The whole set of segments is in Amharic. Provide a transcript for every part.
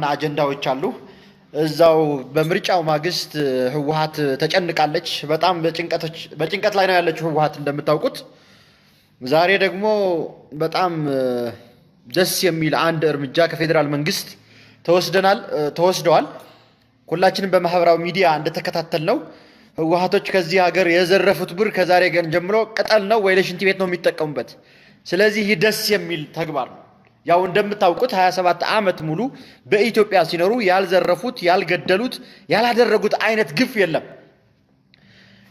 ዋና አጀንዳዎች አሉ። እዛው በምርጫው ማግስት ህወሀት ተጨንቃለች። በጣም በጭንቀት ላይ ነው ያለችው ህወሀት እንደምታውቁት። ዛሬ ደግሞ በጣም ደስ የሚል አንድ እርምጃ ከፌዴራል መንግስት ተወስደናል ተወስደዋል። ሁላችንም በማህበራዊ ሚዲያ እንደተከታተል ነው ህወሀቶች ከዚህ ሀገር የዘረፉት ብር ከዛሬ ቀን ጀምሮ ቅጠል ነው ወይ ለሽንት ቤት ነው የሚጠቀሙበት። ስለዚህ ይህ ደስ የሚል ተግባር ነው። ያው እንደምታውቁት 27 ዓመት ሙሉ በኢትዮጵያ ሲኖሩ ያልዘረፉት፣ ያልገደሉት፣ ያላደረጉት አይነት ግፍ የለም።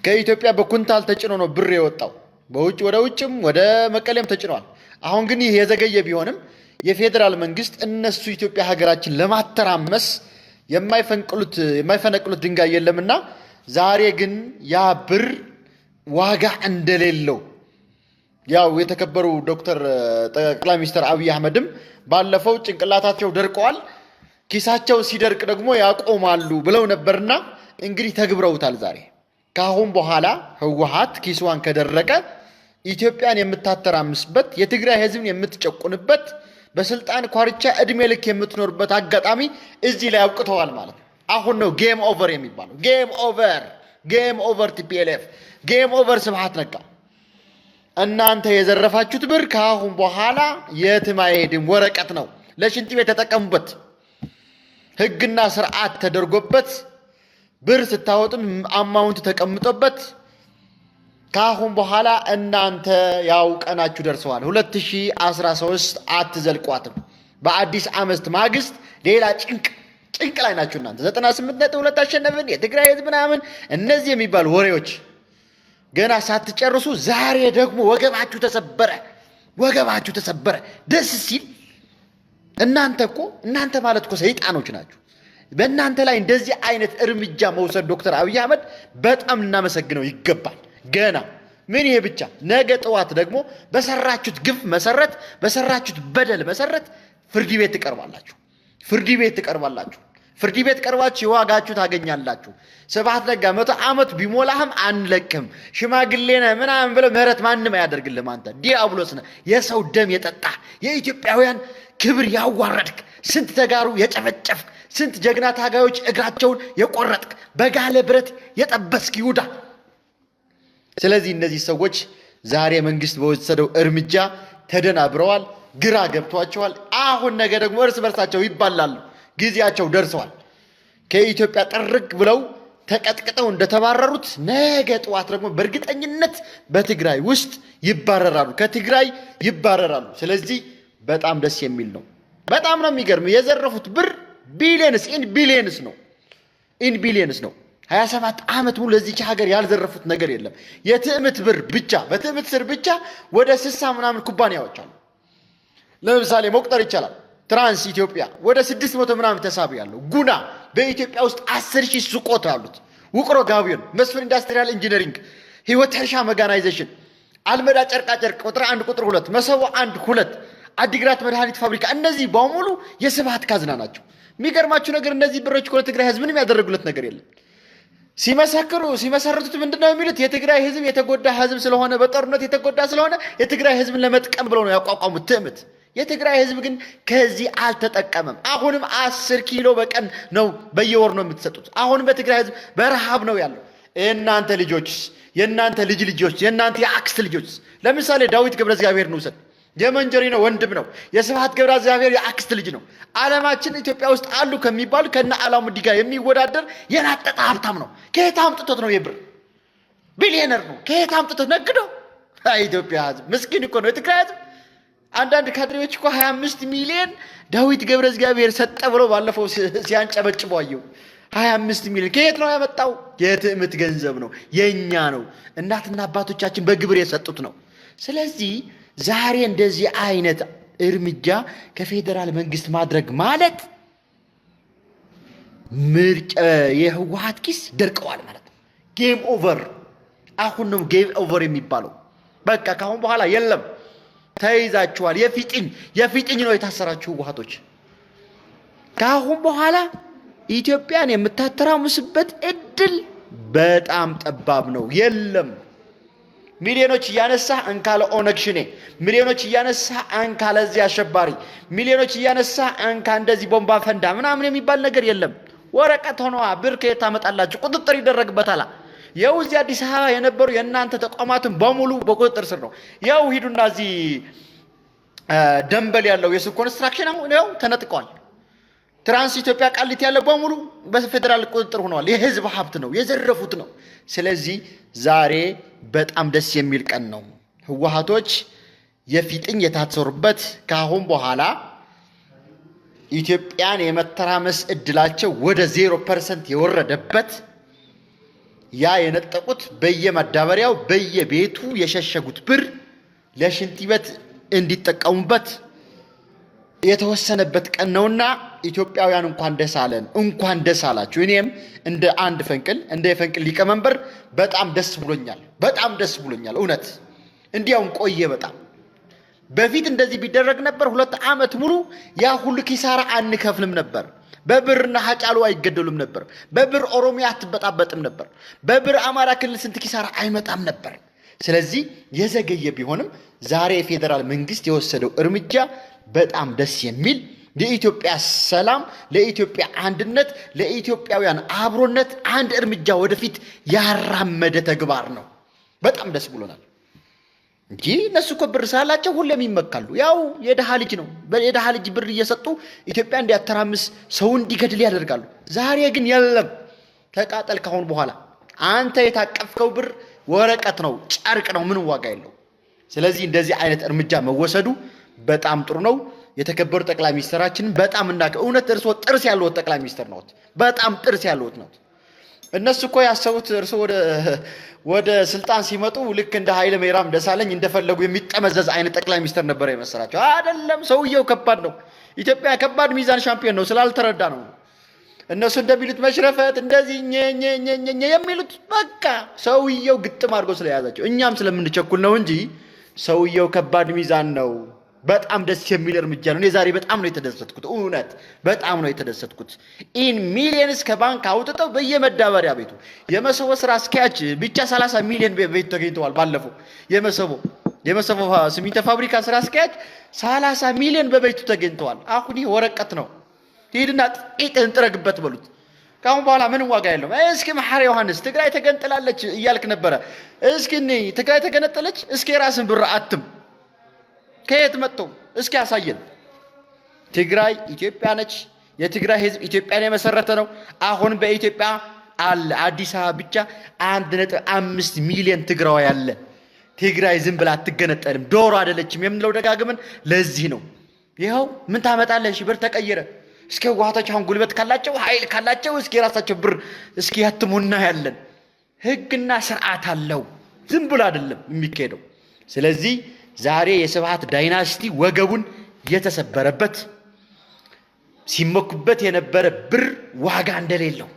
ከኢትዮጵያ በኩንታል ተጭኖ ነው ብር የወጣው። በውጭ ወደ ውጭም ወደ መቀሌም ተጭኗል። አሁን ግን ይህ የዘገየ ቢሆንም የፌዴራል መንግስት እነሱ ኢትዮጵያ ሀገራችን ለማተራመስ የማይፈንቅሉት የማይፈነቅሉት ድንጋይ የለምና ዛሬ ግን ያ ብር ዋጋ እንደሌለው ያው የተከበሩ ዶክተር ጠቅላይ ሚኒስትር አብይ አህመድም ባለፈው ጭንቅላታቸው ደርቀዋል፣ ኪሳቸው ሲደርቅ ደግሞ ያቆማሉ ብለው ነበርና እንግዲህ ተግብረውታል። ዛሬ ከአሁን በኋላ ህወሓት ኪስዋን ከደረቀ ኢትዮጵያን የምታተራምስበት የትግራይ ህዝብን የምትጨቁንበት በስልጣን ኳርቻ እድሜ ልክ የምትኖርበት አጋጣሚ እዚህ ላይ አውቅተዋል ማለት ነው። አሁን ነው ጌም ኦቨር የሚባለው። ጌም ኦቨር፣ ጌም ኦቨር፣ ቲፒኤልኤፍ ጌም ኦቨር፣ ስብሃት ነጋ እናንተ የዘረፋችሁት ብር ከአሁን በኋላ የትም አይሄድም፣ ወረቀት ነው፣ ለሽንት ቤት ተጠቀሙበት። ህግና ስርዓት ተደርጎበት ብር ስታወጡም አማውንት ተቀምጦበት ከአሁን በኋላ እናንተ ያውቀናችሁ ደርሰዋል። 2013 አትዘልቋትም። በአዲስ አመት ማግስት ሌላ ጭንቅ ጭንቅ ላይ ናችሁ እናንተ 98 ነጥብ ሁለት አሸነፍን የትግራይ ህዝብ ምናምን እነዚህ የሚባሉ ወሬዎች ገና ሳትጨርሱ ዛሬ ደግሞ ወገባችሁ ተሰበረ፣ ወገባችሁ ተሰበረ ደስ ሲል። እናንተ እኮ እናንተ ማለት እኮ ሰይጣኖች ናችሁ። በእናንተ ላይ እንደዚህ አይነት እርምጃ መውሰድ ዶክተር አብይ አህመድ በጣም እናመሰግነው ይገባል። ገና ምን ይሄ ብቻ፣ ነገ ጠዋት ደግሞ በሰራችሁት ግፍ መሰረት፣ በሰራችሁት በደል መሰረት ፍርድ ቤት ትቀርባላችሁ፣ ፍርድ ቤት ትቀርባላችሁ። ፍርድ ቤት ቀርባችሁ የዋጋችሁ ታገኛላችሁ። ስብሐት ነጋ መቶ ዓመት ቢሞላህም አንለቅም፣ ሽማግሌ ነህ ምናምን ብለው ምህረት ማንም አያደርግልም። አንተ ዲያብሎስ ነህ፣ የሰው ደም የጠጣ የኢትዮጵያውያን ክብር ያዋረድክ፣ ስንት ተጋሩ የጨፈጨፍክ፣ ስንት ጀግና ታጋዮች እግራቸውን የቆረጥክ፣ በጋለ ብረት የጠበስክ ይሁዳ። ስለዚህ እነዚህ ሰዎች ዛሬ መንግስት በወሰደው እርምጃ ተደናብረዋል፣ ግራ ገብቷቸዋል። አሁን ነገ ደግሞ እርስ በርሳቸው ይባላሉ። ጊዜያቸው ደርሰዋል። ከኢትዮጵያ ጥርግ ብለው ተቀጥቅጠው እንደተባረሩት ነገ ጠዋት ደግሞ በእርግጠኝነት በትግራይ ውስጥ ይባረራሉ፣ ከትግራይ ይባረራሉ። ስለዚህ በጣም ደስ የሚል ነው። በጣም ነው የሚገርም። የዘረፉት ብር ቢሊየንስ ኢን ቢሊየንስ ነው፣ ኢን ቢሊየንስ ነው። 27 ዓመት ሙሉ ለዚች ሀገር ያልዘረፉት ነገር የለም። የትዕምት ብር ብቻ በትዕምት ስር ብቻ ወደ ስሳ ምናምን ኩባንያዎች አሉ። ለምሳሌ መቁጠር ይቻላል። ትራንስ ኢትዮጵያ ወደ ስድስት መቶ ምናምን ተሳቢ ያለው ጉና በኢትዮጵያ ውስጥ አስር ሺህ ሱቆት አሉት። ውቅሮ ጋቢዮን፣ መስፍን ኢንዳስትሪያል ኢንጂነሪንግ፣ ህይወት ሕርሻ መጋናይዜሽን፣ አልመዳ ጨርቃጨርቅ ቁጥር አንድ ቁጥር ሁለት መሰቦ አንድ ሁለት አዲግራት መድኃኒት ፋብሪካ እነዚህ በሙሉ የስብሃት ካዝና ናቸው። የሚገርማችሁ ነገር እነዚህ ብሮች ለትግራይ ህዝብ ምንም ያደረጉለት ነገር የለም። ሲመሰክሩ ሲመሰርቱት ምንድን ነው የሚሉት? የትግራይ ህዝብ የተጎዳ ህዝብ ስለሆነ በጦርነት የተጎዳ ስለሆነ የትግራይ ህዝብን ለመጥቀም ብለው ነው ያቋቋሙት ትዕምት የትግራይ ህዝብ ግን ከዚህ አልተጠቀመም። አሁንም አስር ኪሎ በቀን ነው በየወር ነው የምትሰጡት። አሁንም በትግራይ ህዝብ በረሃብ ነው ያለው። የእናንተ ልጆች የእናንተ ልጅ ልጆች፣ የእናንተ የአክስት ልጆች ለምሳሌ ዳዊት ገብረ እግዚአብሔር ውሰድ የመንጀሪ ነው ወንድም ነው። የስብሐት ገብረ እግዚአብሔር የአክስት ልጅ ነው። ዓለማችን ኢትዮጵያ ውስጥ አሉ ከሚባሉ ከነ አላሙዲ ጋር የሚወዳደር የናጠጠ ሀብታም ነው። ከየት አምጥቶት ነው የብር ቢሊዮነር ነው። ከየት አምጥቶት ነግዶ። ኢትዮጵያ ህዝብ ምስኪን እኮ ነው የትግራይ ህዝብ አንዳንድ ካድሬዎች እኮ 25 ሚሊዮን ዳዊት ገብረ እግዚአብሔር ሰጠ ብለው ባለፈው ሲያንጨበጭቡ አየሁ። 25 ሚሊዮን ከየት ነው ያመጣው? የትዕምት ገንዘብ ነው፣ የእኛ ነው። እናትና አባቶቻችን በግብር የሰጡት ነው። ስለዚህ ዛሬ እንደዚህ አይነት እርምጃ ከፌዴራል መንግስት ማድረግ ማለት ምርጫ የህወሀት ኪስ ደርቀዋል ማለት ነው። ጌም ኦቨር። አሁን ነው ጌም ኦቨር የሚባለው። በቃ ከአሁን በኋላ የለም። ተይዛችኋል። የፊጥኝ የፊጥኝ ነው የታሰራችሁ ህወሓቶች። ከአሁን በኋላ ኢትዮጵያን የምታተራምስበት እድል በጣም ጠባብ ነው። የለም ሚሊዮኖች እያነሳህ አንካለ ኦነግ ሽኔ፣ ሚሊዮኖች እያነሳህ አንካ አሸባሪ፣ ሚሊዮኖች እያነሳህ አንካ እንደዚህ ቦምባ ፈንዳ ምናምን የሚባል ነገር የለም። ወረቀት ሆነዋ ብር ከየት ታመጣላችሁ? ቁጥጥር ይደረግበታል። ያው እዚህ አዲስ አበባ የነበሩ የእናንተ ተቋማትን በሙሉ በቁጥጥር ስር ነው። ያው ሂዱና እዚህ ደንበል ያለው የሱ ኮንስትራክሽን አሁን ያው ተነጥቀዋል። ትራንስ ኢትዮጵያ ቃሊቲ ያለ በሙሉ በፌዴራል ቁጥጥር ሆነዋል። የህዝብ ሀብት ነው፣ የዘረፉት ነው። ስለዚህ ዛሬ በጣም ደስ የሚል ቀን ነው። ህወሀቶች የፊጥኝ የታሰሩበት ከአሁን በኋላ ኢትዮጵያን የመተራመስ እድላቸው ወደ ዜሮ ፐርሰንት የወረደበት ያ የነጠቁት በየማዳበሪያው በየቤቱ የሸሸጉት ብር ለሽንት ቤት እንዲጠቀሙበት የተወሰነበት ቀን ነውና ኢትዮጵያውያን እንኳን ደስ አለን፣ እንኳን ደስ አላችሁ። እኔም እንደ አንድ ፈንቅል እንደ የፈንቅል ሊቀመንበር በጣም ደስ ብሎኛል፣ በጣም ደስ ብሎኛል። እውነት እንዲያውም ቆየ በጣም በፊት እንደዚህ ቢደረግ ነበር፣ ሁለት ዓመት ሙሉ ያ ሁሉ ኪሳራ አንከፍልም ነበር። በብርና ሀጫሉ አይገደሉም ነበር። በብር ኦሮሚያ አትበጣበጥም ነበር። በብር አማራ ክልል ስንት ኪሳራ አይመጣም ነበር። ስለዚህ የዘገየ ቢሆንም ዛሬ የፌዴራል መንግስት የወሰደው እርምጃ በጣም ደስ የሚል ለኢትዮጵያ ሰላም፣ ለኢትዮጵያ አንድነት፣ ለኢትዮጵያውያን አብሮነት አንድ እርምጃ ወደፊት ያራመደ ተግባር ነው። በጣም ደስ ብሎናል። እንጂ እነሱ እኮ ብር ስላላቸው ሁሌም ይመካሉ። ያው የድሃ ልጅ ነው። የድሃ ልጅ ብር እየሰጡ ኢትዮጵያ እንዲያተራምስ ሰው እንዲገድል ያደርጋሉ። ዛሬ ግን የለም፣ ተቃጠል። ካሁን በኋላ አንተ የታቀፍከው ብር ወረቀት ነው፣ ጨርቅ ነው፣ ምንም ዋጋ የለው። ስለዚህ እንደዚህ አይነት እርምጃ መወሰዱ በጣም ጥሩ ነው። የተከበሩ ጠቅላይ ሚኒስትራችንን በጣም እናቀ እውነት እርስዎ ጥርስ ያለዎት ጠቅላይ ሚኒስትር ነዎት። በጣም ጥርስ ያለዎት ነዎት። እነሱ እኮ ያሰቡት እርሱ ወደ ስልጣን ሲመጡ ልክ እንደ ኃይለ ሜራም ደሳለኝ እንደፈለጉ የሚጠመዘዝ አይነት ጠቅላይ ሚኒስትር ነበረ የመሰላቸው። አይደለም፣ ሰውየው ከባድ ነው። ኢትዮጵያ ከባድ ሚዛን ሻምፒዮን ነው ስላልተረዳ ነው። እነሱ እንደሚሉት መሽረፈት እንደዚህ የሚሉት በቃ ሰውየው ግጥም አድርጎ ስለያዛቸው እኛም ስለምንቸኩል ነው እንጂ ሰውየው ከባድ ሚዛን ነው። በጣም ደስ የሚል እርምጃ ነው። እኔ ዛሬ በጣም ነው የተደሰትኩት። እውነት በጣም ነው የተደሰትኩት። ኢን ሚሊየንስ ከባንክ አውጥተው በየመዳበሪያ ቤቱ የመሰቦ ስራ አስኪያጅ ብቻ 30 ሚሊዮን ቤት ተገኝተዋል። ባለፈው የመሰቦ የመሰቦ ሲሚንቶ ፋብሪካ ስራ አስኪያጅ 30 ሚሊዮን በቤቱ ተገኝተዋል። አሁን ይህ ወረቀት ነው። ሂድና ጥቂት እንጥረግበት በሉት። ከአሁን በኋላ ምንም ዋጋ የለውም። እስኪ መሐሪ ዮሐንስ ትግራይ ተገንጥላለች እያልክ ነበረ። እስኪ ትግራይ ተገነጠለች። እስኪ የራስን ብር አትም ከየት መጥቶ እስኪ ያሳየን። ትግራይ ኢትዮጵያ ነች። የትግራይ ህዝብ ኢትዮጵያን የመሰረተ ነው። አሁን በኢትዮጵያ አለ አዲስ አበባ ብቻ አንድ ነጥብ አምስት ሚሊዮን ትግራዋ ያለ ትግራይ ዝም ብላ አትገነጠልም፣ ዶሮ አይደለችም የምንለው ደጋግመን ለዚህ ነው። ይኸው ምን ታመጣለህ? ብር ተቀየረ። እስኪ ህወሓቶች አሁን ጉልበት ካላቸው ኃይል ካላቸው እስኪ የራሳቸው ብር እስኪ ያትሙና ያለን ህግና ስርዓት አለው። ዝም ብሎ አይደለም የሚካሄደው። ስለዚህ ዛሬ የስብሃት ዳይናስቲ ወገቡን የተሰበረበት ሲመኩበት የነበረ ብር ዋጋ እንደሌለው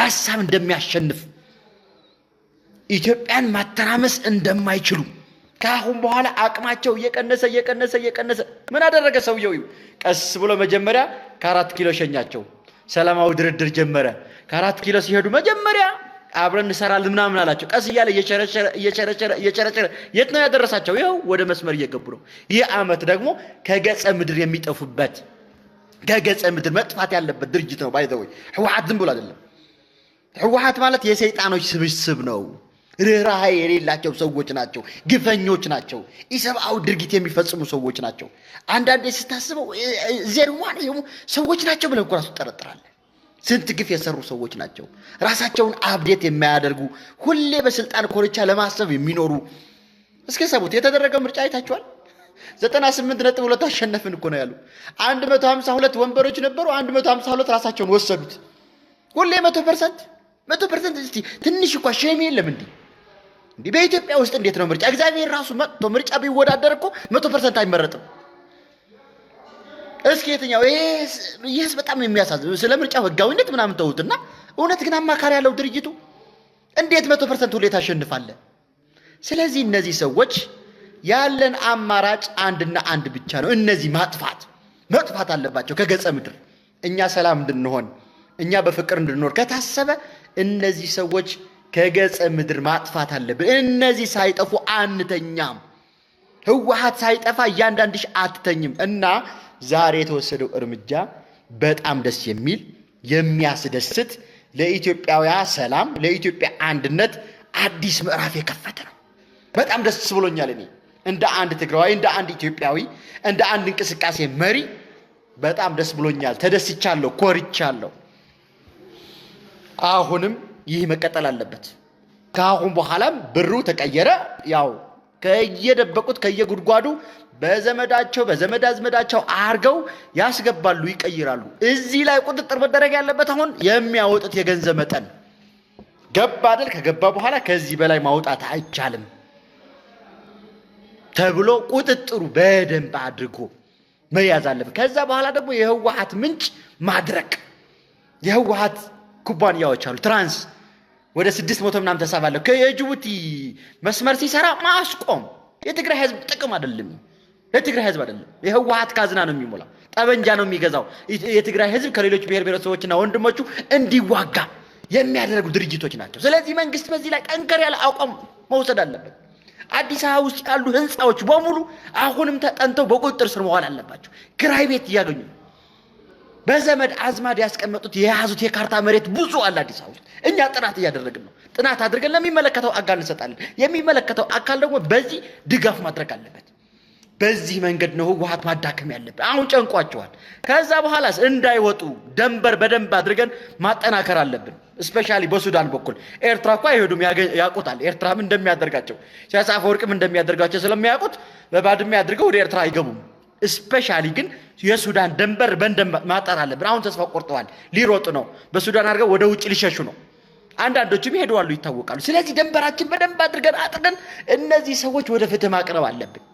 ሀሳብ እንደሚያሸንፍ ኢትዮጵያን ማተራመስ እንደማይችሉ ከአሁን በኋላ አቅማቸው እየቀነሰ እየቀነሰ እየቀነሰ ምን አደረገ ሰውየው? ቀስ ብሎ መጀመሪያ ከአራት ኪሎ ሸኛቸው። ሰላማዊ ድርድር ጀመረ። ከአራት ኪሎ ሲሄዱ መጀመሪያ አብረን እንሰራለን ምናምን አላቸው። ቀስ እያለ እየቸረቸረ የት ነው ያደረሳቸው? ይኸው ወደ መስመር እየገቡ ነው። ይህ ዓመት ደግሞ ከገጸ ምድር የሚጠፉበት ከገጸ ምድር መጥፋት ያለበት ድርጅት ነው። ወይ ህወሓት ዝም ብሎ አይደለም። ህወሓት ማለት የሰይጣኖች ስብስብ ነው። ርኅራኄ የሌላቸው ሰዎች ናቸው። ግፈኞች ናቸው። ኢሰብአዊ ድርጊት የሚፈጽሙ ሰዎች ናቸው። አንዳንዴ ስታስበው ዜርዋን ሰዎች ናቸው ብለህ እኮ ራሱ ትጠረጥራለህ። ስንት ግፍ የሰሩ ሰዎች ናቸው። ራሳቸውን አብዴት የማያደርጉ ሁሌ በስልጣን ኮርቻ ለማሰብ የሚኖሩ እስኪ ሰቡት። የተደረገ ምርጫ አይታችኋል። 98 ነጥብ ሁለት አሸነፍን እኮ ነው ያሉ። 152 ወንበሮች ነበሩ። 152 ራሳቸውን ወሰዱት። ሁሌ መቶ ፐርሰንት መቶ ፐርሰንት። እስቲ ትንሽ እኳ ሸም የለም እንዲ እንዲህ በኢትዮጵያ ውስጥ እንዴት ነው ምርጫ? እግዚአብሔር ራሱ መጥቶ ምርጫ ቢወዳደር እኮ መቶ ፐርሰንት አይመረጥም። እስኪ የትኛው ይህስ በጣም የሚያሳዝን ስለ ምርጫ ህጋዊነት ምናምን ተውትና፣ እውነት ግን አማካሪ ያለው ድርጅቱ እንዴት መቶ ፐርሰንት ሁሌ ታሸንፋለህ? ስለዚህ እነዚህ ሰዎች ያለን አማራጭ አንድና አንድ ብቻ ነው። እነዚህ ማጥፋት መጥፋት አለባቸው ከገጸ ምድር። እኛ ሰላም እንድንሆን እኛ በፍቅር እንድንኖር ከታሰበ እነዚህ ሰዎች ከገጸ ምድር ማጥፋት አለብን። እነዚህ ሳይጠፉ አንተኛም። ህወሓት ሳይጠፋ እያንዳንድሽ አትተኝም እና ዛሬ የተወሰደው እርምጃ በጣም ደስ የሚል የሚያስደስት ለኢትዮጵያውያ ሰላም፣ ለኢትዮጵያ አንድነት አዲስ ምዕራፍ የከፈተ ነው። በጣም ደስ ብሎኛል። እኔ እንደ አንድ ትግራዋይ፣ እንደ አንድ ኢትዮጵያዊ፣ እንደ አንድ እንቅስቃሴ መሪ በጣም ደስ ብሎኛል። ተደስቻለሁ፣ ኮርቻለሁ። አሁንም ይህ መቀጠል አለበት። ከአሁን በኋላም ብሩ ተቀየረ ያው ከየደበቁት ከየጉድጓዱ በዘመዳቸው በዘመድ አዝመዳቸው አርገው ያስገባሉ፣ ይቀይራሉ። እዚህ ላይ ቁጥጥር መደረግ ያለበት አሁን የሚያወጡት የገንዘብ መጠን ገባ አይደል? ከገባ በኋላ ከዚህ በላይ ማውጣት አይቻልም ተብሎ ቁጥጥሩ በደንብ አድርጎ መያዝ አለበት። ከዛ በኋላ ደግሞ የህወሀት ምንጭ ማድረቅ የህወሀት ኩባንያዎች አሉ ትራንስ ወደ ስድስት መቶ ምናምን ተሳባለሁ የጅቡቲ መስመር ሲሰራ ማስቆም የትግራይ ህዝብ ጥቅም አይደለም። የትግራይ ህዝብ አይደለም። የህወሀት ካዝና ነው የሚሞላው፣ ጠበንጃ ነው የሚገዛው። የትግራይ ህዝብ ከሌሎች ብሔር ብሔረሰቦችና ወንድሞቹ እንዲዋጋ የሚያደርጉ ድርጅቶች ናቸው። ስለዚህ መንግስት በዚህ ላይ ጠንከር ያለ አቋም መውሰድ አለበት። አዲስ አበባ ውስጥ ያሉ ህንፃዎች በሙሉ አሁንም ተጠንተው በቁጥጥር ስር መዋል አለባቸው። ኪራይ ቤት እያገኙ በዘመድ አዝማድ ያስቀመጡት የያዙት የካርታ መሬት ብዙ አለ አዲስ አበባ ውስጥ። እኛ ጥናት እያደረግን ነው። ጥናት አድርገን ለሚመለከተው አካል እንሰጣለን። የሚመለከተው አካል ደግሞ በዚህ ድጋፍ ማድረግ አለበት። በዚህ መንገድ ነው ህወሓት ማዳከም ያለበት። አሁን ጨንቋቸዋል። ከዛ በኋላስ እንዳይወጡ ደንበር በደንብ አድርገን ማጠናከር አለብን። እስፔሻሊ በሱዳን በኩል ኤርትራ እኮ አይሄዱም፣ ያውቁታል። ኤርትራም እንደሚያደርጋቸው ሲያሳፈ ወርቅም እንደሚያደርጋቸው ስለሚያውቁት በባድሜ አድርገው ወደ ኤርትራ አይገቡም። ስፔሻሊ ግን የሱዳን ደንበር በንደን ማጠር አለብን። አሁን ተስፋ ቆርጠዋል። ሊሮጥ ነው። በሱዳን አድርገው ወደ ውጭ ሊሸሹ ነው። አንዳንዶችም ይሄደዋሉ፣ ይታወቃሉ። ስለዚህ ደንበራችን በደንብ አድርገን አጥርገን እነዚህ ሰዎች ወደ ፍትህ ማቅረብ አለብን።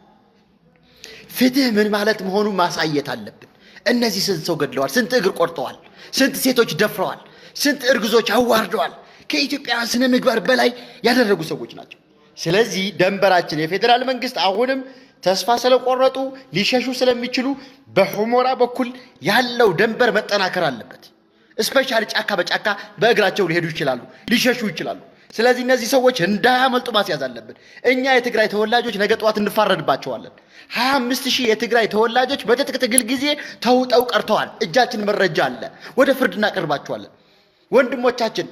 ፍትህ ምን ማለት መሆኑ ማሳየት አለብን። እነዚህ ስንት ሰው ገድለዋል፣ ስንት እግር ቆርጠዋል፣ ስንት ሴቶች ደፍረዋል፣ ስንት እርግዞች አዋርደዋል። ከኢትዮጵያውያን ስነ ምግባር በላይ ያደረጉ ሰዎች ናቸው። ስለዚህ ደንበራችን የፌዴራል መንግስት አሁንም ተስፋ ስለቆረጡ ሊሸሹ ስለሚችሉ በሑሞራ በኩል ያለው ደንበር መጠናከር አለበት። እስፔሻሊ ጫካ በጫካ በእግራቸው ሊሄዱ ይችላሉ፣ ሊሸሹ ይችላሉ። ስለዚህ እነዚህ ሰዎች እንዳያመልጡ ማስያዝ አለብን። እኛ የትግራይ ተወላጆች ነገ ጠዋት እንፋረድባቸዋለን። ሀያ አምስት ሺህ የትግራይ ተወላጆች በትጥቅ ትግል ጊዜ ተውጠው ቀርተዋል። እጃችን መረጃ አለ። ወደ ፍርድ እናቀርባቸዋለን ወንድሞቻችን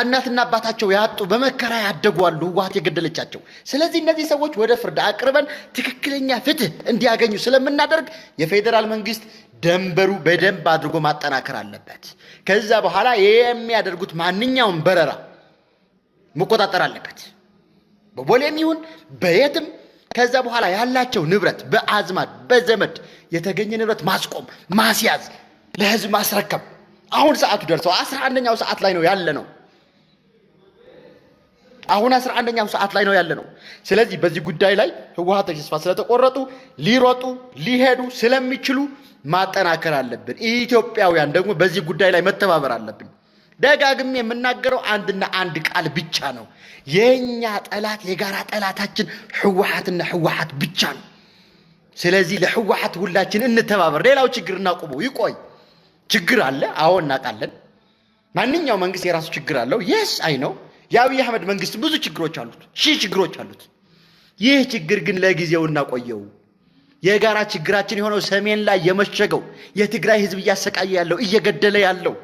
እናትና አባታቸው ያጡ በመከራ ያደጉ አሉ፣ ህወሓት የገደለቻቸው። ስለዚህ እነዚህ ሰዎች ወደ ፍርድ አቅርበን ትክክለኛ ፍትህ እንዲያገኙ ስለምናደርግ የፌዴራል መንግስት ደንበሩ በደንብ አድርጎ ማጠናከር አለበት። ከዛ በኋላ የሚያደርጉት ማንኛውም በረራ መቆጣጠር አለበት፣ በቦሌም ይሁን በየትም። ከዛ በኋላ ያላቸው ንብረት በአዝማድ በዘመድ የተገኘ ንብረት ማስቆም፣ ማስያዝ፣ ለህዝብ ማስረከብ። አሁን ሰዓቱ ደርሰው አስራ አንደኛው ሰዓት ላይ ነው ያለ ነው። አሁን አስራ አንደኛው ሰዓት ላይ ነው ያለ ነው። ስለዚህ በዚህ ጉዳይ ላይ ህወሓቶች ተስፋ ስለተቆረጡ ሊሮጡ ሊሄዱ ስለሚችሉ ማጠናከር አለብን። ኢትዮጵያውያን ደግሞ በዚህ ጉዳይ ላይ መተባበር አለብን። ደጋግሜ የምናገረው አንድና አንድ ቃል ብቻ ነው። የኛ ጠላት የጋራ ጠላታችን ህወሓትና ህወሓት ብቻ ነው። ስለዚህ ለህወሓት ሁላችን እንተባበር። ሌላው ችግር እናቁመው። ይቆይ ችግር አለ፣ አዎ እናውቃለን። ማንኛው መንግስት የራሱ ችግር አለው። የስ አይ ነው የአብይ አህመድ መንግስት ብዙ ችግሮች አሉት፣ ሺህ ችግሮች አሉት። ይህ ችግር ግን ለጊዜው እናቆየው። የጋራ ችግራችን የሆነው ሰሜን ላይ የመሸገው የትግራይ ህዝብ እያሰቃየ ያለው እየገደለ ያለው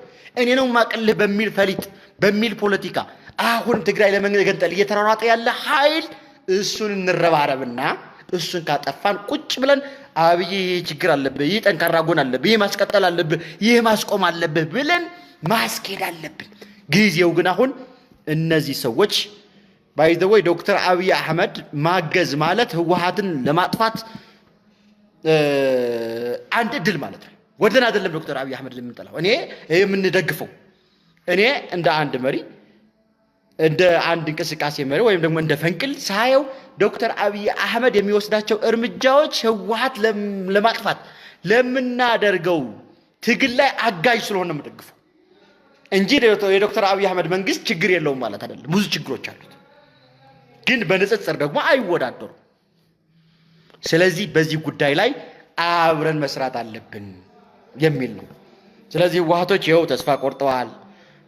እኔ ነው ማቅልህ በሚል ፈሊጥ በሚል ፖለቲካ አሁን ትግራይ ለመገንጠል እየተሯሯጠ ያለ ኃይል እሱን እንረባረብና እሱን ካጠፋን ቁጭ ብለን አብይ ይህ ችግር አለብህ፣ ይህ ጠንካራ ጎን አለብህ፣ ይህ ማስቀጠል አለብህ፣ ይህ ማስቆም አለብህ ብለን ማስኬድ አለብን። ጊዜው ግን አሁን እነዚህ ሰዎች ወይ ዶክተር አብይ አህመድ ማገዝ ማለት ህወሓትን ለማጥፋት አንድ እድል ማለት ነው። ወደን አይደለም ዶክተር አብይ አህመድ የምንጠላው እኔ የምንደግፈው እኔ እንደ አንድ መሪ እንደ አንድ እንቅስቃሴ መሪ ወይም ደግሞ እንደ ፈንቅል ሳየው ዶክተር አብይ አህመድ የሚወስዳቸው እርምጃዎች ህወሓት ለማጥፋት ለምናደርገው ትግል ላይ አጋዥ ስለሆነ ነው የምደግፈው። እንጂ የዶክተር አብይ አህመድ መንግስት ችግር የለውም ማለት አይደለም። ብዙ ችግሮች አሉት፣ ግን በንጽጽር ደግሞ አይወዳደሩም። ስለዚህ በዚህ ጉዳይ ላይ አብረን መስራት አለብን የሚል ነው። ስለዚህ ህወሓቶች ይኸው ተስፋ ቆርጠዋል።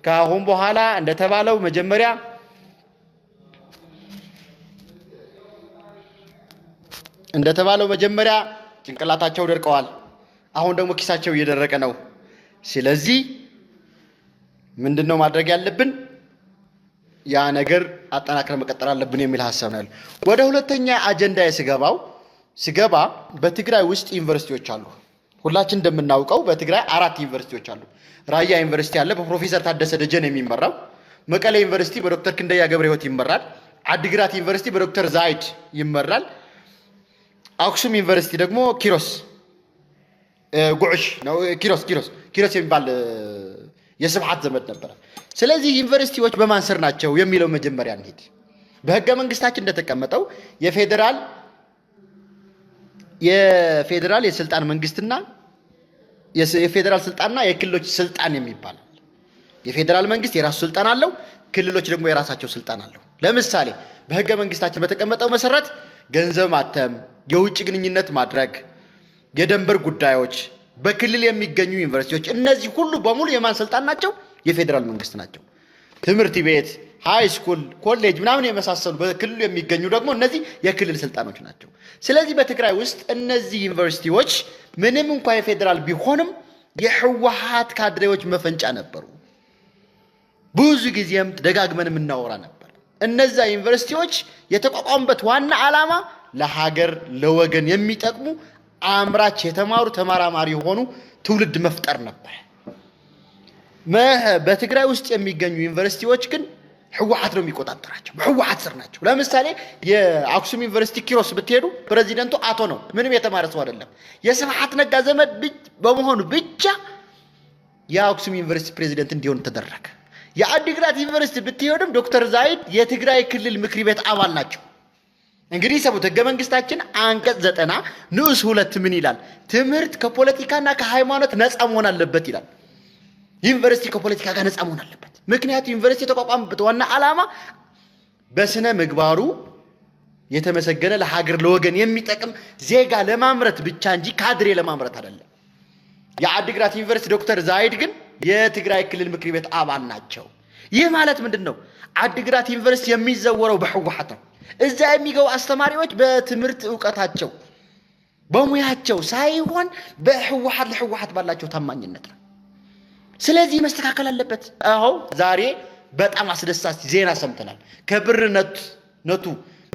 ከአሁን በኋላ እንደተባለው መጀመሪያ እንደተባለው መጀመሪያ ጭንቅላታቸው ደርቀዋል። አሁን ደግሞ ኪሳቸው እየደረቀ ነው። ስለዚህ ምንድን ነው ማድረግ ያለብን? ያ ነገር አጠናክረ መቀጠል አለብን የሚል ሀሳብ ነው ያለው። ወደ ሁለተኛ አጀንዳ ስገባው ስገባ በትግራይ ውስጥ ዩኒቨርሲቲዎች አሉ። ሁላችን እንደምናውቀው በትግራይ አራት ዩኒቨርሲቲዎች አሉ። ራያ ዩኒቨርሲቲ አለ፣ በፕሮፌሰር ታደሰ ደጀን የሚመራው። መቀሌ ዩኒቨርሲቲ በዶክተር ክንደያ ገብረ ህይወት ይመራል። አዲግራት ዩኒቨርሲቲ በዶክተር ዛይድ ይመራል። አክሱም ዩኒቨርሲቲ ደግሞ ኪሮስ ጉዕሽ ነው ኪሮስ ኪሮስ ኪሮስ የሚባል የስብሐት ዘመድ ነበረ። ስለዚህ ዩኒቨርሲቲዎች በማን ስር ናቸው የሚለው መጀመሪያ እንሂድ። በህገ መንግስታችን እንደተቀመጠው የፌዴራል የፌዴራል የስልጣን መንግስትና የፌዴራል ስልጣንና የክልሎች ስልጣን የሚባል የፌዴራል መንግስት የራሱ ስልጣን አለው፣ ክልሎች ደግሞ የራሳቸው ስልጣን አለው። ለምሳሌ በህገ መንግስታችን በተቀመጠው መሰረት ገንዘብ ማተም፣ የውጭ ግንኙነት ማድረግ፣ የደንበር ጉዳዮች በክልል የሚገኙ ዩኒቨርሲቲዎች እነዚህ ሁሉ በሙሉ የማን ስልጣን ናቸው? የፌዴራል መንግስት ናቸው። ትምህርት ቤት፣ ሃይ ስኩል፣ ኮሌጅ ምናምን የመሳሰሉ በክልሉ የሚገኙ ደግሞ እነዚህ የክልል ስልጣኖች ናቸው። ስለዚህ በትግራይ ውስጥ እነዚህ ዩኒቨርሲቲዎች ምንም እንኳ የፌዴራል ቢሆንም የህወሀት ካድሬዎች መፈንጫ ነበሩ። ብዙ ጊዜም ደጋግመን የምናወራ ነበር። እነዛ ዩኒቨርሲቲዎች የተቋቋሙበት ዋና ዓላማ ለሀገር ለወገን የሚጠቅሙ አምራች የተማሩ ተመራማሪ የሆኑ ትውልድ መፍጠር ነበር። በትግራይ ውስጥ የሚገኙ ዩኒቨርሲቲዎች ግን ህወሓት ነው የሚቆጣጠራቸው፣ በህወሓት ስር ናቸው። ለምሳሌ የአክሱም ዩኒቨርሲቲ ኪሮስ ብትሄዱ ፕሬዚደንቱ አቶ ነው፣ ምንም የተማረ ሰው አይደለም። የስብሐት ነጋ ዘመድ በመሆኑ ብቻ የአክሱም ዩኒቨርሲቲ ፕሬዚደንት እንዲሆን ተደረገ። የአዲግራት ዩኒቨርሲቲ ብትሄዱም ዶክተር ዛይድ የትግራይ ክልል ምክር ቤት አባል ናቸው። እንግዲህ ሰቡት ህገ መንግስታችን አንቀጽ ዘጠና ንዑስ ሁለት ምን ይላል? ትምህርት ከፖለቲካና ከሃይማኖት ነፃ መሆን አለበት ይላል። ዩኒቨርሲቲ ከፖለቲካ ጋር ነፃ መሆን አለበት። ምክንያቱ ዩኒቨርሲቲ የተቋቋመበት ዋና ዓላማ በስነ ምግባሩ የተመሰገነ ለሀገር ለወገን የሚጠቅም ዜጋ ለማምረት ብቻ እንጂ ካድሬ ለማምረት አይደለም። የአዲግራት ዩኒቨርሲቲ ዶክተር ዛይድ ግን የትግራይ ክልል ምክር ቤት አባል ናቸው። ይህ ማለት ምንድን ነው? አዲግራት ዩኒቨርሲቲ የሚዘወረው በህወሓት ነው። እዛ የሚገቡ አስተማሪዎች በትምህርት እውቀታቸው በሙያቸው ሳይሆን በህወሓት ለህወሓት ባላቸው ታማኝነት ነው። ስለዚህ መስተካከል አለበት። አሁ ዛሬ በጣም አስደሳች ዜና ሰምተናል። ከብርነቱ ነቱ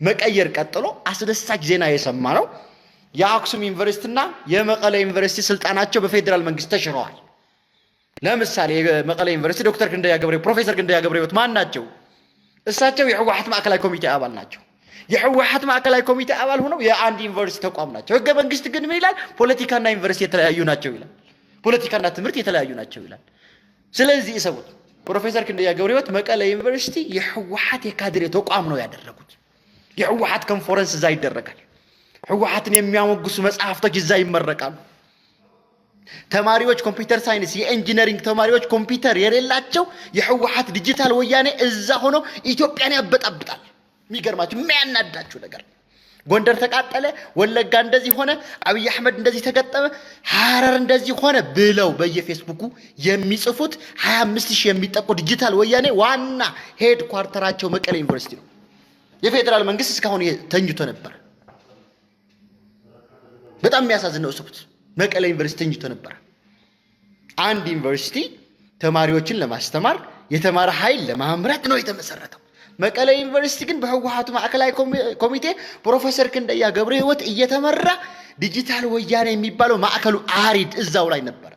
መቀየር ቀጥሎ አስደሳች ዜና የሰማ ነው። የአክሱም ዩኒቨርሲቲና የመቀለ ዩኒቨርሲቲ ስልጣናቸው በፌዴራል መንግስት ተሽረዋል። ለምሳሌ የመቀለ ዩኒቨርሲቲ ዶክተር ክንደያ ገብረ ፕሮፌሰር ክንደያ ገብረሕይወት ማን ናቸው? እሳቸው የህወሀት ማዕከላዊ ኮሚቴ አባል ናቸው። የህወሀት ማዕከላዊ ኮሚቴ አባል ሆነው የአንድ ዩኒቨርሲቲ ተቋም ናቸው። ህገ መንግስት ግን ምን ይላል? ፖለቲካና ዩኒቨርሲቲ የተለያዩ ናቸው ይላል። ፖለቲካና ትምህርት የተለያዩ ናቸው ይላል። ስለዚህ እሰቡት። ፕሮፌሰር ክንደያ ገብረ ህይወት መቀለ ዩኒቨርሲቲ የህወሀት የካድሬ ተቋም ነው ያደረጉት። የህወሀት ኮንፈረንስ እዛ ይደረጋል። ህወሀትን የሚያሞግሱ መጽሐፍቶች እዛ ይመረቃሉ። ተማሪዎች ኮምፒውተር ሳይንስ የኢንጂነሪንግ ተማሪዎች ኮምፒውተር የሌላቸው የህወሓት ዲጂታል ወያኔ እዛ ሆኖ ኢትዮጵያን ያበጣብጣል። የሚገርማችሁ የሚያናዳችሁ ነገር ጎንደር ተቃጠለ፣ ወለጋ እንደዚህ ሆነ፣ አብይ አህመድ እንደዚህ ተገጠመ፣ ሐረር እንደዚህ ሆነ ብለው በየፌስቡኩ የሚጽፉት 25 ሺህ የሚጠቁ ዲጂታል ወያኔ ዋና ሄድ ኳርተራቸው መቀሌ ዩኒቨርሲቲ ነው። የፌዴራል መንግስት እስካሁን ተኝቶ ነበር። በጣም የሚያሳዝን ነው። መቀለ ዩኒቨርሲቲ እንጅቶ ነበረ። አንድ ዩኒቨርሲቲ ተማሪዎችን ለማስተማር የተማረ ኃይል ለማምረት ነው የተመሰረተው። መቀለ ዩኒቨርሲቲ ግን በህወሀቱ ማዕከላዊ ኮሚቴ ፕሮፌሰር ክንደያ ገብረ ህይወት እየተመራ ዲጂታል ወያኔ የሚባለው ማዕከሉ አሪድ እዛው ላይ ነበረ።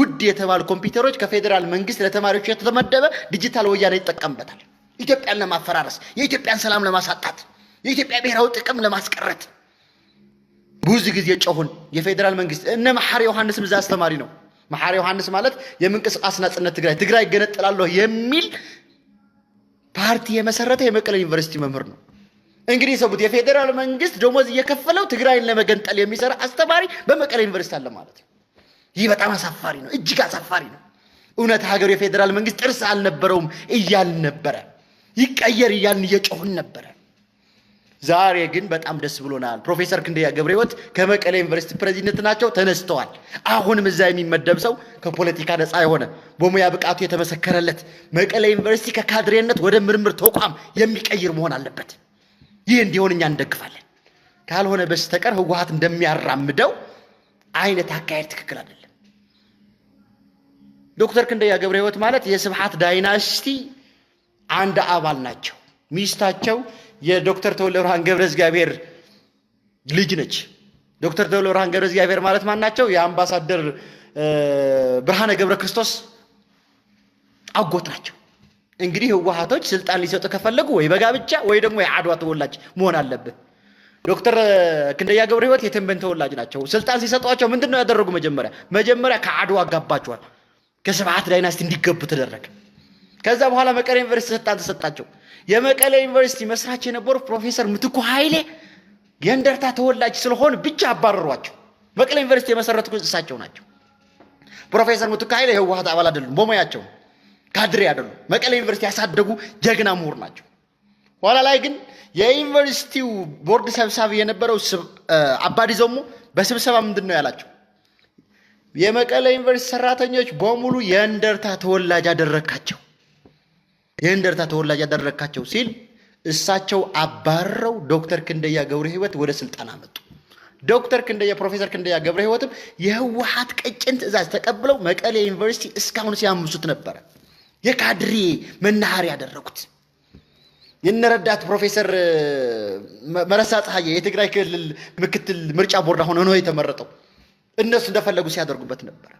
ውድ የተባሉ ኮምፒውተሮች ከፌዴራል መንግስት ለተማሪዎች የተመደበ ዲጂታል ወያኔ ይጠቀምበታል። ኢትዮጵያን ለማፈራረስ፣ የኢትዮጵያን ሰላም ለማሳጣት፣ የኢትዮጵያ ብሔራዊ ጥቅም ለማስቀረት ብዙ ጊዜ ጮሁን የፌዴራል መንግስት እነ መሐሪ ዮሐንስም እዛ አስተማሪ ነው። መሐሪ ዮሐንስ ማለት የምንቅስቃስ ናጽነት ትግራይ ትግራይ ገነጥላለሁ የሚል ፓርቲ የመሰረተ የመቀለ ዩኒቨርሲቲ መምህር ነው። እንግዲህ ሰቡት የፌዴራል መንግስት ደሞዝ እየከፈለው ትግራይን ለመገንጠል የሚሰራ አስተማሪ በመቀለ ዩኒቨርሲቲ አለ ማለት ነው። ይህ በጣም አሳፋሪ ነው፣ እጅግ አሳፋሪ ነው። እውነት ሀገሩ የፌዴራል መንግስት ጥርስ አልነበረውም እያልን ነበረ፣ ይቀየር እያልን እየጮህን ነበረ። ዛሬ ግን በጣም ደስ ብሎናል። ፕሮፌሰር ክንደያ ገብረ ሕይወት ከመቀሌ ዩኒቨርሲቲ ፕሬዚደንት ናቸው፣ ተነስተዋል። አሁንም እዛ የሚመደብ ሰው ከፖለቲካ ነፃ የሆነ በሙያ ብቃቱ የተመሰከረለት መቀሌ ዩኒቨርሲቲ ከካድሬነት ወደ ምርምር ተቋም የሚቀይር መሆን አለበት። ይህ እንዲሆን እኛ እንደግፋለን። ካልሆነ በስተቀር ህወሀት እንደሚያራምደው አይነት አካሄድ ትክክል አይደለም። ዶክተር ክንደያ ገብረ ህይወት ማለት የስብሀት ዳይናስቲ አንድ አባል ናቸው። ሚስታቸው የዶክተር ተወልደ ብርሃን ገብረ እግዚአብሔር ልጅ ነች። ዶክተር ተወልደ ብርሃን ገብረ እግዚአብሔር ማለት ማን ናቸው? የአምባሳደር ብርሃነ ገብረ ክርስቶስ አጎት ናቸው። እንግዲህ ህወሓቶች ስልጣን ሊሰጡ ከፈለጉ ወይ በጋብቻ ወይ ደግሞ የአድዋ ተወላጅ መሆን አለብህ። ዶክተር ክንደያ ገብረ ህይወት የተንበን ተወላጅ ናቸው። ስልጣን ሲሰጧቸው ምንድን ነው ያደረጉ? መጀመሪያ መጀመሪያ ከአድዋ አጋባቸዋል። ከስብዓት ዳይናስቲ እንዲገቡ ተደረገ። ከዛ በኋላ መቀሌ ዩኒቨርሲቲ ስልጣን ተሰጣቸው። የመቀሌ ዩኒቨርሲቲ መስራች የነበሩ ፕሮፌሰር ምትኩ ኃይሌ የእንደርታ ተወላጅ ስለሆን ብቻ አባረሯቸው። መቀሌ ዩኒቨርሲቲ የመሰረቱ እሳቸው ናቸው። ፕሮፌሰር ምትኩ ኃይሌ የህወሀት አባል አይደሉም፣ በሙያቸው ካድሬ አይደሉም። መቀሌ ዩኒቨርሲቲ ያሳደጉ ጀግና ምሁር ናቸው። ኋላ ላይ ግን የዩኒቨርሲቲው ቦርድ ሰብሳቢ የነበረው አባዲ ዘሙ በስብሰባ ምንድን ነው ያላቸው? የመቀለ ዩኒቨርሲቲ ሰራተኞች በሙሉ የእንደርታ ተወላጅ አደረካቸው። የእንደርታ ተወላጅ ያደረካቸው ሲል እሳቸው አባረው ዶክተር ክንደያ ገብረ ህይወት ወደ ስልጣን አመጡ። ዶክተር ክንደያ ፕሮፌሰር ክንደያ ገብረ ህይወትም የህወሀት ቀጭን ትእዛዝ ተቀብለው መቀሌ ዩኒቨርሲቲ እስካሁን ሲያምሱት ነበረ። የካድሬ መናኸሪያ ያደረጉት የነረዳት ፕሮፌሰር መረሳ ፀሐዬ የትግራይ ክልል ምክትል ምርጫ ቦርድ አሁን ሆኖ የተመረጠው እነሱ እንደፈለጉ ሲያደርጉበት ነበረ።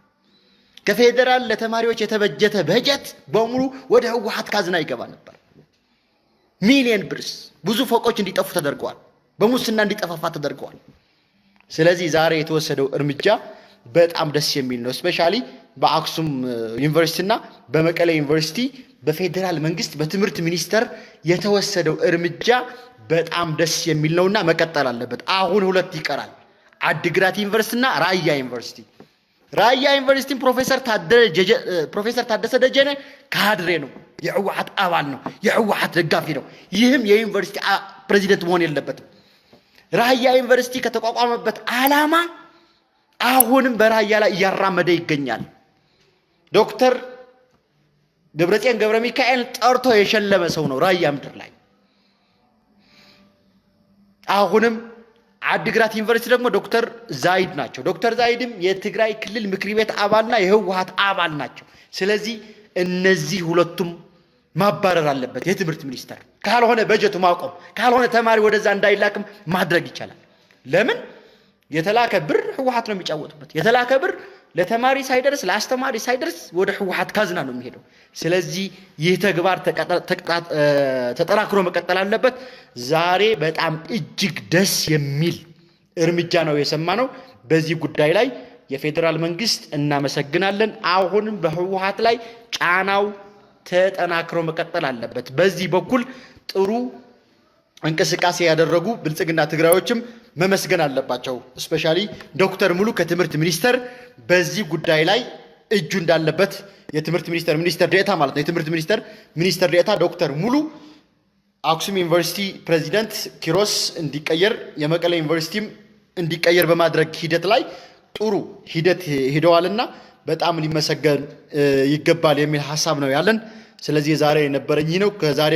ከፌዴራል ለተማሪዎች የተበጀተ በጀት በሙሉ ወደ ህወሀት ካዝና ይገባ ነበር። ሚሊየን ብርስ ብዙ ፎቆች እንዲጠፉ ተደርገዋል። በሙስና እንዲጠፋፋ ተደርገዋል። ስለዚህ ዛሬ የተወሰደው እርምጃ በጣም ደስ የሚል ነው። እስፔሻሊ በአክሱም ዩኒቨርሲቲና በመቀሌ ዩኒቨርሲቲ በፌዴራል መንግስት በትምህርት ሚኒስቴር የተወሰደው እርምጃ በጣም ደስ የሚል ነውና መቀጠል አለበት። አሁን ሁለት ይቀራል፣ አድግራት ዩኒቨርሲቲና ራያ ዩኒቨርሲቲ ራያ ዩኒቨርሲቲን ፕሮፌሰር ታደሰ ደጀነ ካድሬ ነው፣ የህወሓት አባል ነው፣ የህወሓት ደጋፊ ነው። ይህም የዩኒቨርሲቲ ፕሬዚደንት መሆን የለበትም። ራያ ዩኒቨርሲቲ ከተቋቋመበት ዓላማ አሁንም በራያ ላይ እያራመደ ይገኛል። ዶክተር ደብረጽዮን ገብረ ሚካኤል ጠርቶ የሸለመ ሰው ነው ራያ ምድር ላይ አሁንም አድግራት ዩኒቨርሲቲ ደግሞ ዶክተር ዛይድ ናቸው። ዶክተር ዛይድም የትግራይ ክልል ምክር ቤት አባልና የህወሀት አባል ናቸው። ስለዚህ እነዚህ ሁለቱም ማባረር አለበት የትምህርት ሚኒስቴር። ካልሆነ በጀቱ ማቆም፣ ካልሆነ ተማሪ ወደዛ እንዳይላክም ማድረግ ይቻላል። ለምን የተላከ ብር ህወሀት ነው የሚጫወቱበት። የተላከ ብር ለተማሪ ሳይደርስ ለአስተማሪ ሳይደርስ ወደ ህወሀት ካዝና ነው የሚሄደው። ስለዚህ ይህ ተግባር ተጠናክሮ መቀጠል አለበት። ዛሬ በጣም እጅግ ደስ የሚል እርምጃ ነው የሰማነው። በዚህ ጉዳይ ላይ የፌዴራል መንግስት እናመሰግናለን። አሁንም በህወሀት ላይ ጫናው ተጠናክሮ መቀጠል አለበት። በዚህ በኩል ጥሩ እንቅስቃሴ ያደረጉ ብልጽግና ትግራዮችም መመስገን አለባቸው። እስፔሻሊ ዶክተር ሙሉ ከትምህርት ሚኒስቴር በዚህ ጉዳይ ላይ እጁ እንዳለበት የትምህርት ሚኒስተር ሚኒስቴር ዴታ ማለት ነው የትምህርት ሚኒስቴር ሚኒስቴር ዴታ ዶክተር ሙሉ አክሱም ዩኒቨርሲቲ ፕሬዚደንት ኪሮስ እንዲቀየር የመቀሌ ዩኒቨርሲቲም እንዲቀየር በማድረግ ሂደት ላይ ጥሩ ሂደት ሂደዋልና በጣም ሊመሰገን ይገባል የሚል ሀሳብ ነው ያለን። ስለዚህ የዛሬ የነበረኝ ነው። ከዛሬ